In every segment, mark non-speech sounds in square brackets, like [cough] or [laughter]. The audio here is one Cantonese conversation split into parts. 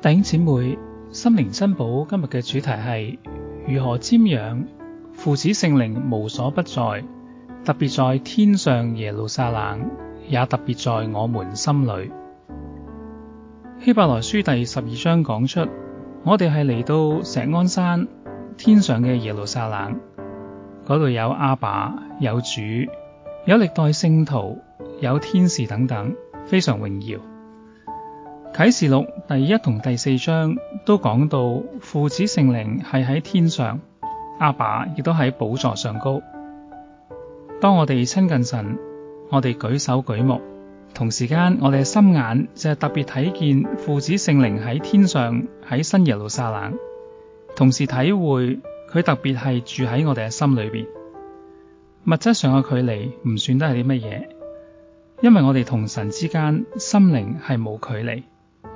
弟兄姐妹，心靈珍寶今日嘅主題係如何瞻仰父子聖靈無所不在，特別在天上耶路撒冷，也特別在我們心裡。希伯來書第十二章講出，我哋係嚟到錫安山、天上嘅耶路撒冷，嗰度有阿爸、有主，有歷代聖徒，有天使等等，非常榮耀。啟示錄第一同第四章都講到父子聖靈係喺天上，阿爸亦都喺寶座上高。當我哋親近神，我哋舉手舉目，同時間我哋嘅心眼就係特別睇見父子聖靈喺天上，喺新耶路撒冷，同時體會佢特別係住喺我哋嘅心裏邊。物質上嘅距離唔算得係啲乜嘢，因為我哋同神之間，心靈係冇距離。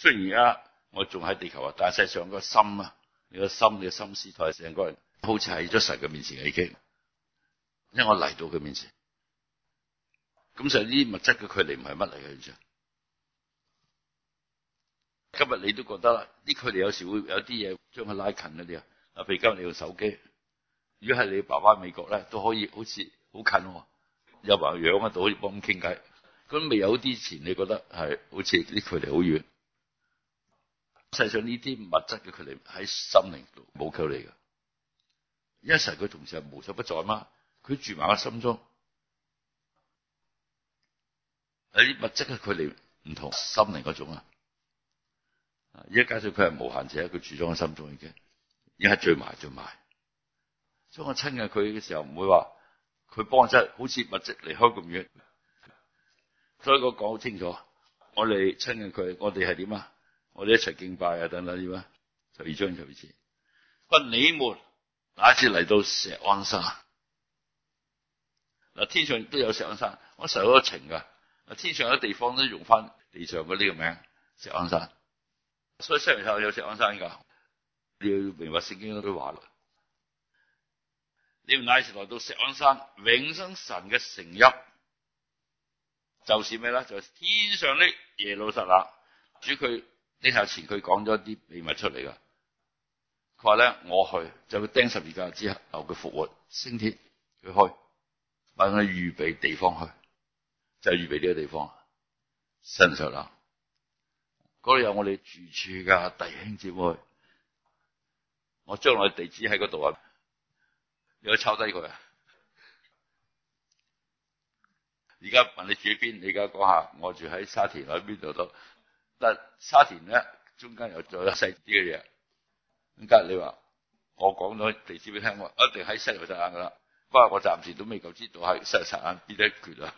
雖然而家我仲喺地球啊，但係實際上個心啊，你個心，你嘅心思同埋成個人好似喺咗神嘅面前已經，因為我嚟到佢面前，咁就呢啲物質嘅距離唔係乜嚟嘅。知，今日你都覺得呢距離有時會有啲嘢將佢拉近嗰啲啊，譬如今日你用手機，如果係你爸爸喺美國咧，都可以好似好近喎，又話樣啊都可以幫咁傾偈，咁未有啲錢，你覺得係好似啲距離好遠。世上呢啲物質嘅距離喺心靈度冇距離嘅，一神佢同時係無所不在嘛，佢住埋我心中。有啲物質嘅距離唔同心靈嗰種啊，一加上佢係無限者，佢住咗我心中已經，而家聚埋聚埋，所以我親近佢嘅時候唔會話佢幫我，好似物質離開咁遠。所以我講好清楚，我哋親近佢，我哋係點啊？我哋一齊敬拜啊！等等呢？就二將就。二節，不，你們哪次嚟到錫安山嗱？天上都有錫安山，我成日好情噶天上嘅地方都用翻地上嘅呢個名錫安山，所以西元後有錫安山噶。你要明白聖經嗰句話啦，你們哪次來到錫安山，永生神嘅城邑就是咩咧？就是、天上啲耶路撒冷主佢。啲頭前佢講咗啲秘密出嚟噶，佢話咧我去，就釘十二教之後後佢復活，升天，佢去，問佢預備地方去，就預、是、備呢個地方，身上啦嗰度有我哋住處噶弟兄姊妹，我將來地址喺嗰度啊，你可抄低佢啊，而家問你住邊？你而家講下，我住喺沙田喺邊度都。但沙田咧，中間又再細啲嘅嘢。今日你話我講咗地址俾聽，我一定喺耶路撒冷噶啦。不過我暫時都未夠知道喺耶路撒冷邊一橛啦。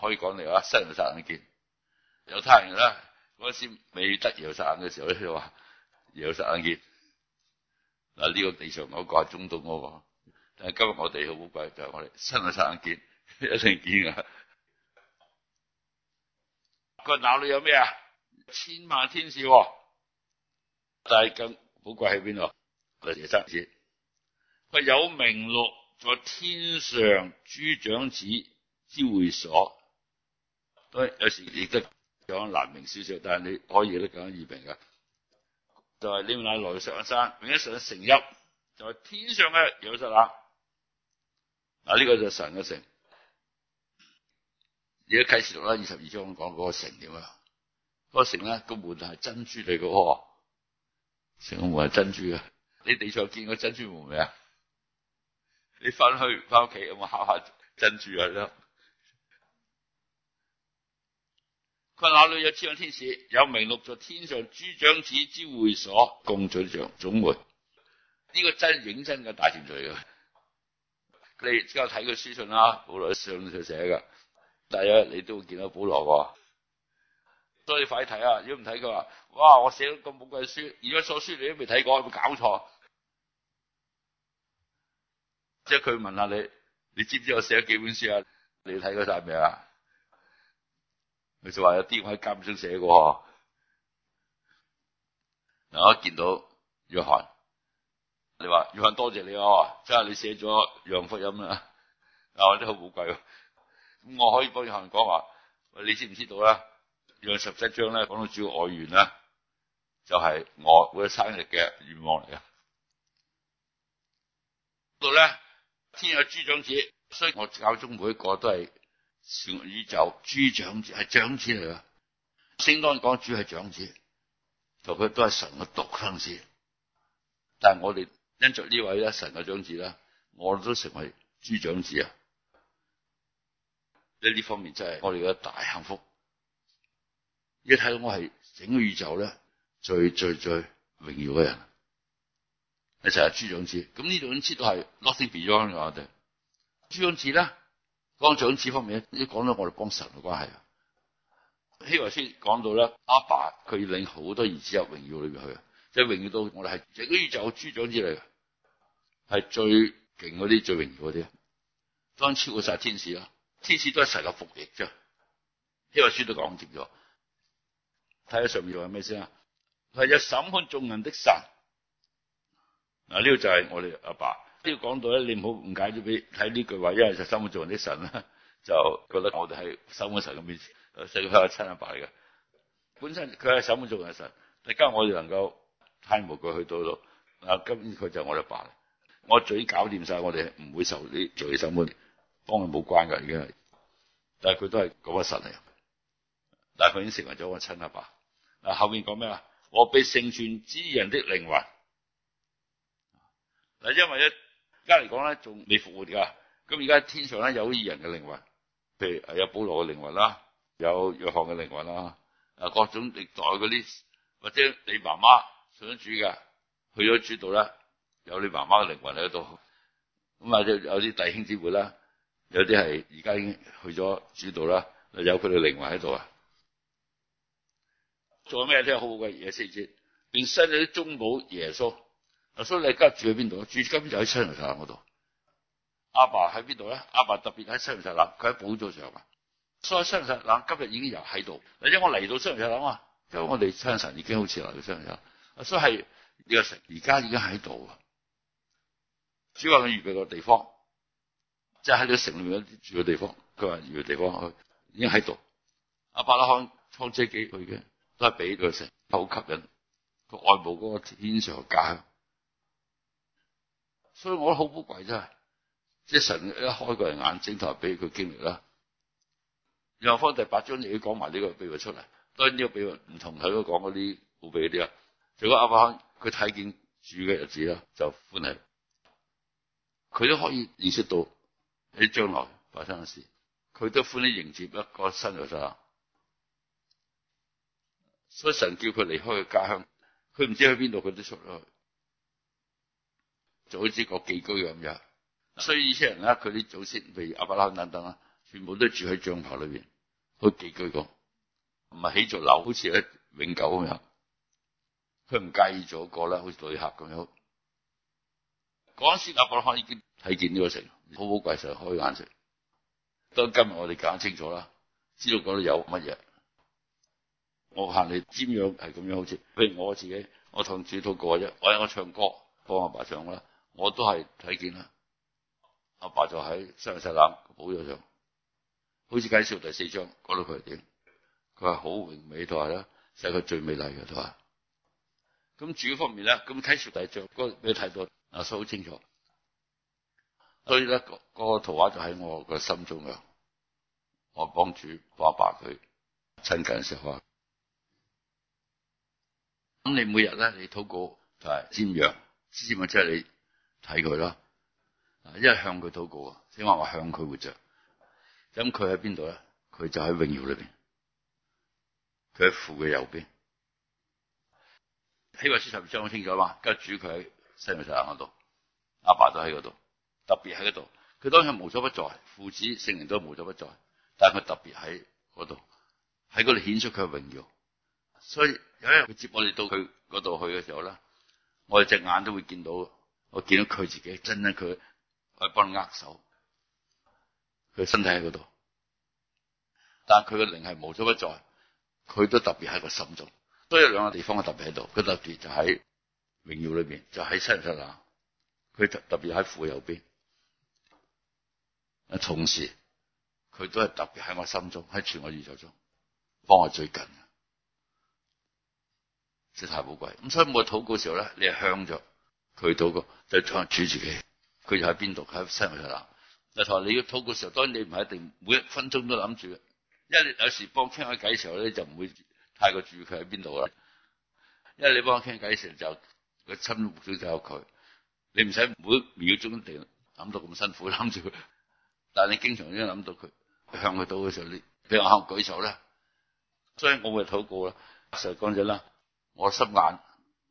可以講你話耶路撒冷見，有太陽啦。嗰陣時未得耶路撒冷嘅時候咧，就話耶路撒冷見。嗱呢個地上牛角係中東嘅喎。但係今日我哋好鬼就係、我哋耶路撒冷見一定見啊。個腦裏有咩啊？千萬天使，哦，但係更寶貴喺邊度？個舌生字，佢有名錄在天上諸長子之會所，都有時亦都講難明少少，但係你可以都講易明噶。就係呢咪賴落上山，變咗上成一，就係、是、天上嘅耶路撒冷啦嗱，呢、啊這個就神嘅城。而家啟示錄啦，二十二章講嗰個城點啊？嗰、那個城咧，那個門係珍珠嚟嘅喎，城、那、嘅、個、門係珍珠嘅。你哋仲見過珍珠門未啊？你翻去翻屋企咁啊，敲下珍珠去啦。佢那裏有千萬天使，有名錄在天上諸長子之會所，共聚像總會。呢、這個真認真嘅大團聚啊！ [laughs] 你之後睇佢書信啦，好耐上上寫嘅。第一，你都會見到保羅喎。所以你快啲睇啊！如果唔睇，佢話：哇，我寫咗咁寶貴書，而家所書你都未睇過，係咪搞錯？即係佢問下你，你知唔知我寫咗幾本書啊？你睇過晒未啊？佢就話有啲我喺監中寫喎。嗱，我見到約翰，你話約翰多謝你啊！即係你寫咗《讓福音》啊！我真係好貴喎。咁我可以幫你向人講話，你知唔知道咧？有十七章咧，講到主要外願呢就係、是、我嗰個生日嘅願望嚟啊！嗰度咧，天有諸長子，所以我教中每一個都係小宇宙。諸長子係長子嚟啊！聖經講主係長子，就佢都係神嘅獨生子。但係我哋因着呢位呢神嘅長子呢，我哋都成為諸長子啊！喺呢方面真係我哋嘅大幸福。你睇到我係整個宇宙咧，最最最榮耀嘅人。你成日諸長子咁呢種字都係 nothing beyond 我哋諸長子咧，講長子方面咧，一講到我哋幫神嘅關係啊，希華先講到咧，阿爸佢領好多兒子入榮耀裏面去，即係榮耀到我哋係整個宇宙諸長子嚟嘅，係最勁嗰啲最榮耀嗰啲，當超過晒天使啦。次次都係齊個服役啫，呢個書都講直咗。睇下上面話係咩先啊？係有審判眾人的神嗱，呢、啊、個就係我哋阿爸，爸。呢講到咧，你唔好誤解咗俾睇呢句話，因為就審判眾人的神啦就覺得我哋係審判神嘅面，誒，個係親親阿爸嚟嘅。本身佢係審判眾人的神，但家今日我哋能夠坦無懼去到度，啊。今日佢就我阿爸，爸，我罪搞掂晒，我哋唔會受做罪審判。幫佢冇關噶，已經係，但係佢都係嗰得實嚟。但係佢已經成為咗我親阿爸。嗱，後面講咩啊？我被成全之義人的靈魂。嗱，因為而家嚟講咧仲未復活噶。咁而家天上咧有義人嘅靈魂，譬如有保羅嘅靈魂啦，有約翰嘅靈魂啦，啊，各種歷代嗰啲，或者你媽媽想煮嘅，去咗主道呢，有你媽媽嘅靈魂喺度。咁啊，有啲弟兄姊妹啦。有啲係而家已經去咗主道啦，有佢哋靈魂喺度啊！做咩都係好嘅嘢，四節，變身你啲中保耶穌。所以你而家住喺邊度啊？住今就喺耶路撒冷嗰度。阿爸喺邊度咧？阿爸特別喺耶路撒冷，佢喺寶座上啊。所以耶路撒冷今日已經又喺度。而且我嚟到耶路撒冷啊，因為我哋清晨已經好似嚟到耶路撒冷。所以係呢個城而家已經喺度啊，主啊佢預備個地方。即喺呢個城裏面有啲住嘅地方，佢話住嘅地方去已經喺度。阿伯拉罕創車幾去嘅，都係俾佢成城好吸引佢愛慕嗰個天上家。所以我覺得好寶貴真係，即係神一開個人眼睛，就俾佢經歷啦。又方第八章，你要講埋呢個比喻出嚟，當然呢個比喻唔同佢都講嗰啲好俾啲啦。就果阿伯拉罕佢睇見住嘅日子啦，就歡喜，佢都可以認識到。喺將來發生嘅事，佢都歡迎迎接一個新嘅神。所以神叫佢離開佢家鄉，佢唔知道去邊度，佢都出咗去就好似個寄居咁樣。所以以前人咧，佢啲祖先譬如阿伯拉罕，等等啦，全部都住喺帳篷裏邊，佢寄居過，唔係起咗樓，好似有永久咁樣。佢唔介意做一個咧，好似旅客咁樣。嗰時，阿伯拉罕已經睇見呢個城。好好貴神開眼食。當今日我哋揀清楚啦。知道嗰度有乜嘢，我行嚟尖樣係咁樣，好似譬如我自己，我同主禱過啫。我喺我唱歌幫阿爸，爸唱啦，我都係睇見啦。阿爸，爸就喺雙眼細眼補咗上，好似啟示錄第四章嗰度佢係點，佢係好榮美，都台啦，世界最美麗嘅台。咁、就是、主嗰方面咧，咁睇住第四章嗰俾你睇到，啊叔好清楚。所以咧，嗰、那個圖畫就喺我個心中嘅。我幫主西西，爸爸佢親近嘅時候啊，咁你每日咧，你禱告就係瞻仰，瞻仰即係你睇佢啦。一係向佢禱告啊，即係話我向佢活着。咁佢喺邊度咧？佢就喺榮耀裏邊，佢喺父嘅右邊。希伯書上面，十章講清楚嘛？跟住主佢喺錫安山上面嗰度，阿爸就喺嗰度。特別喺嗰度，佢當然無所不在，父子聖靈都無所不在，但係佢特別喺嗰度，喺嗰度顯出佢嘅榮耀。所以有一日佢接我哋到佢嗰度去嘅時候咧，我哋隻眼都會見到，我見到佢自己，真係佢，我幫佢握手，佢身體喺嗰度，但係佢嘅靈係無所不在，佢都特別喺個心中。所以有兩個地方佢特別喺度，佢特別就喺榮耀裏邊，就喺七日嗱，佢特特別喺父右邊。同時佢都係特別喺我心中，喺全我宇宙中幫我最近嘅太寶貴。咁所以我禱告時候咧，你向着佢禱告，就係主自己，佢就喺邊度？喺錫安山。同你要禱告時候，當然你唔係一定每一分鐘都諗住，因為你有時幫傾下偈時候咧，你就唔會太過注意佢喺邊度啦。因為你幫我傾偈嘅時候就個心目中就有佢，你唔使每秒鐘定諗到咁辛苦諗住佢。但你經常已經諗到佢向佢倒嘅時候，你佢我喊舉手咧，所以我會禱告啦。實講真啦，我心眼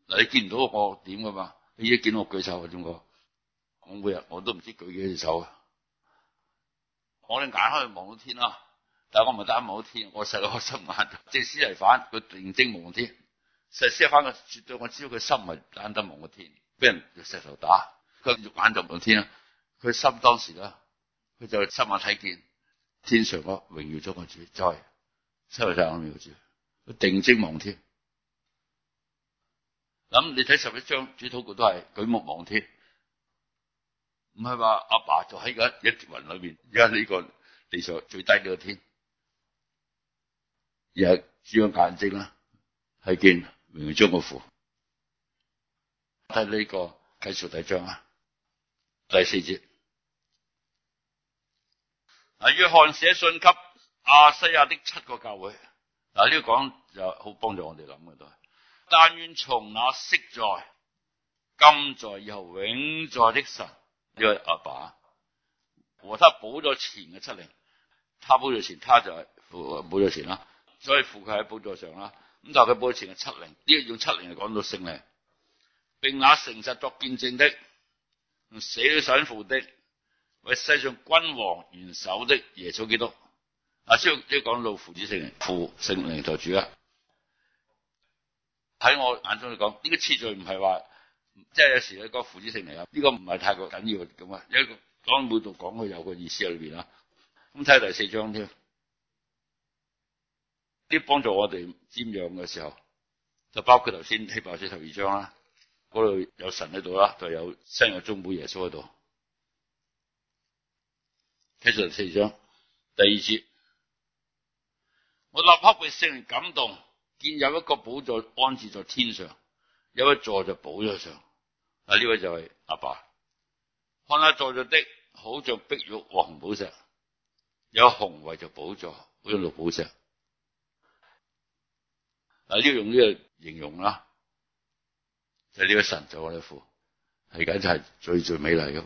嗱，你見唔到我點噶嘛？你一見到我舉手，點講？我每日我都唔知道舉幾多隻手啊！我哋眼可以望到天啦，但係我唔係單望到天，我實個心眼。即司提反佢認真望天，司提反佢絕對我知道佢心係單得望個天，俾人用石頭打，佢隻眼就望天啦。佢心當時咧。佢就親眼睇見天上個榮耀中個主在，收晒我哋個主，定睛望天。咁你睇十一章主禱告都係舉目望天，唔係話阿爸就喺個一層雲裏邊，而家呢個地上最低嘅天，而係主要眼睛啦，係見榮耀中個父。睇呢個繼續第章啊，第四節。嗱，約翰寫信給亞西亞的七個教會，嗱呢講就好幫助我哋諗嘅都係，但願從那昔在、今在、以後永在的神，呢位阿爸，和他寶座前嘅七靈，他寶座前，他就係父寶座前啦，所以父佢喺寶座上啦，咁但佢寶座前嘅七靈呢個用七靈嚟講到聖靈，並那誠實作見證的、死裡想付的。喂，世上君王元首的耶穌基督，阿叔即係講到父子聖靈父聖靈作主啦。喺我眼中嚟講，呢、這個次序唔係話，即係有時咧講父子聖靈啊，呢、這個唔係太過緊要咁啊。因為每一個講每度講佢有個意思喺裏邊啦。咁睇下第四章添，啲幫助我哋瞻仰嘅時候，就包括頭先希伯來書十二章啦，嗰度有神喺度啦，就有新約嘅中保耶穌喺度。其實四章第二節，我立刻被聖靈感動，見有一個寶座安置在天上，有一位坐在寶座上。嗱，呢位就係阿爸，看下坐著的，好像碧玉和紅寶石，又有虹圍著寶座，好似綠寶石。你要用呢個形容啦，就係呢個神就我哋父，係簡直係最最美麗嘅。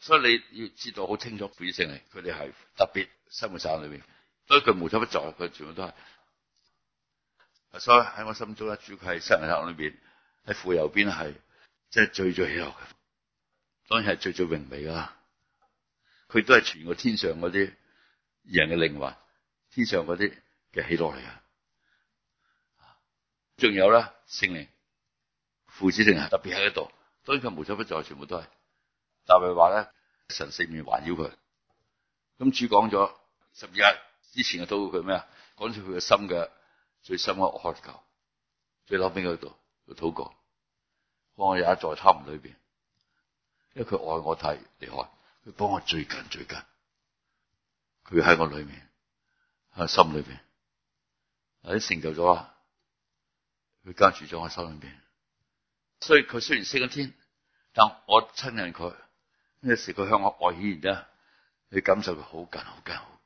所以你要知道好清楚父子聖靈，佢哋係特別新約聖經裏邊，所以佢無所不在，佢全部都係。所以喺我心中咧，主佢係新約聖經裏邊喺父右邊係，即係最最喜樂嘅，當然係最最榮美噶啦。佢都係全個天上嗰啲人嘅靈魂，天上嗰啲嘅喜樂嚟噶。仲有啦，聖靈、父子聖靈係特別喺呢度，當然佢無所不在，全部都係。但係話咧，神四面環繞佢。咁主講咗十二日之前嘅禱告，佢咩啊？講出佢嘅心嘅最深嘅渴求，最諗邊嗰度？佢禱告，幫我也在心裏邊，因為佢愛我太厲害，佢幫我最近最近，佢喺我裏面，喺心裏邊，誒成就咗啊！佢根住咗我心裏邊，所以佢雖然升咗天，但我親近佢。有時佢向我外顯然家，你感受佢好近、好近、好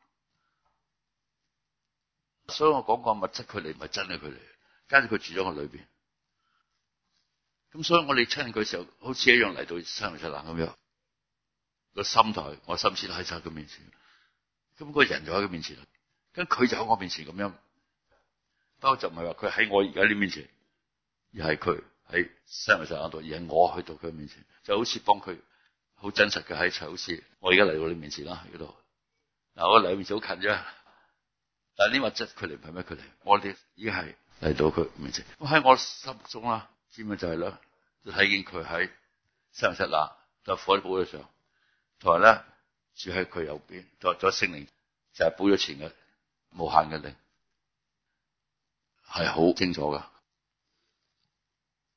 近。所以我講過物質距離唔係真係距離，加上佢住咗我裏邊。咁所以我哋親佢時候，好似一樣嚟到三文石蘭咁樣，個心態我心思都喺晒佢面前。咁、那、嗰、個、人就喺佢面前，跟佢就喺我面前咁樣。我就不過就唔係話佢喺我而家呢面前，而係佢喺三文石蘭度，而係我去到佢面前，就好似幫佢。好真實嘅喺，好似我而家嚟到你面前啦，呢度嗱，我嚟到你面前好近啫，但係呢個物質距離唔係咩距離，我哋已經係嚟到佢面前。喺我心目中啦，知唔知就係咧？就睇、是、見佢喺生物室嗱，就火、是、喺寶座上，同埋咧住喺佢右邊，得咗聖靈就係寶座前嘅無限嘅靈，係好清楚㗎。